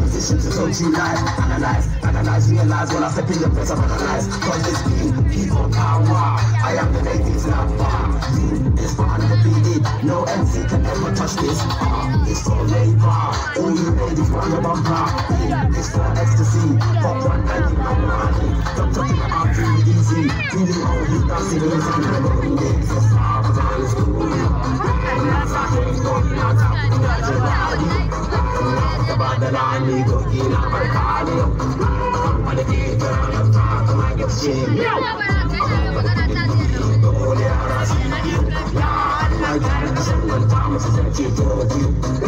position to told you lies Analyze, analyze, realize when I step in your place I'm analyze Cause this beat, people power I am the ladies number You is for under the No MC can ever touch this It's for labor all you ladies round about party. It's for ecstasy. Fuck one night in my Don't talk me I'm living in it. So far I was doing. And that's the body. I'm gonna I'm a I'm a single I'm a kid,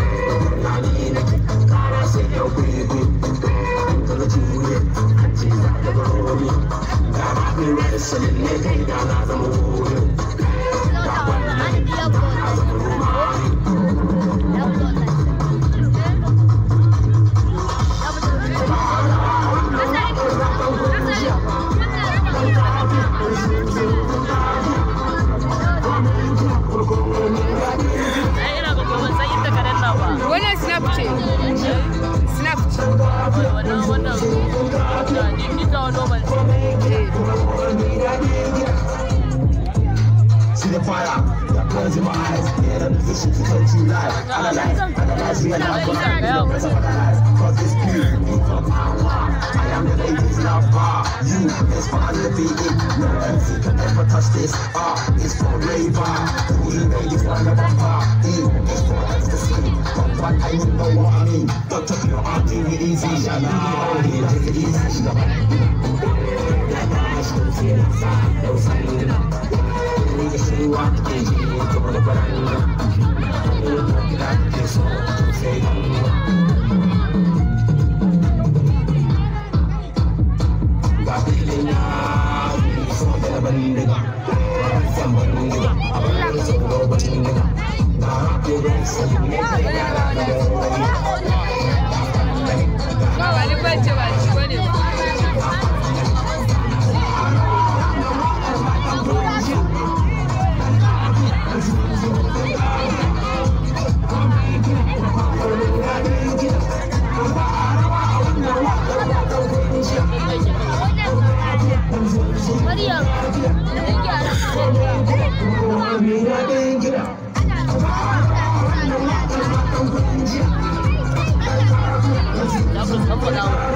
I'm close your eyes. Get in a position to touch to life. Analyze, analyze, realize, but I'm not press up Cause this beauty from power. I am the ladies now far. You is for elevated. No MC can ever touch this. R it's for labor. We ladies one of a bar. E is for ecstasy. But what I would know what I mean. Don't Dr. Pure, I'll take it easy. I'll take it easy. I'm not sure if you're nigga who I can You ain't gonna but I know You ain't gonna get out this one Say 不耽